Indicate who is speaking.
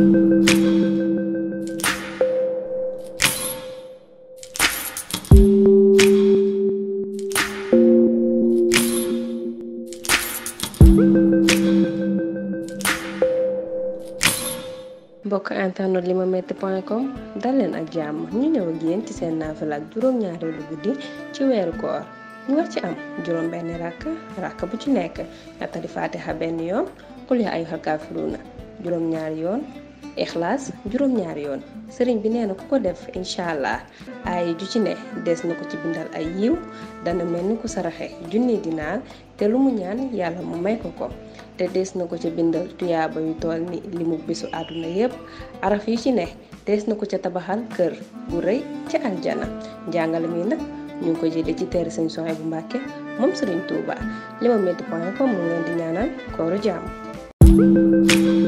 Speaker 1: mbokk internet limametti point com dal leen ak jàmm ñu ñëw ak yéen ci seen naafal ak juróom ñaareelu guddi ci weeru koor ñu war ci am juróom benn rakk rakk bu ci nekk ñattali fatiha benn yoon kul ya ayuha kafiruna juróom ñaari yoon ixlaas juróom-ñaari yoon sëriñ bi nee na ku ko def incha allah ay ju ci ne des na ko ci bindal ay yiw dana mel ni ku saraxe junni dinaar te lu mu ñaan yàlla mu may ko ko te des na ko ca bindal tuyaaba yu toll ni li mu bisu àdduna yépp araf yi ci ne des na ko ca tabaxal kër gu rëy ca aljana njàngale mi nag ñu ngi ko jëlee ci teer sëñ soxna bu Mbàkke moom sëriñ Touba Limametti point com mu ngeen di ñaanal kooru jàmm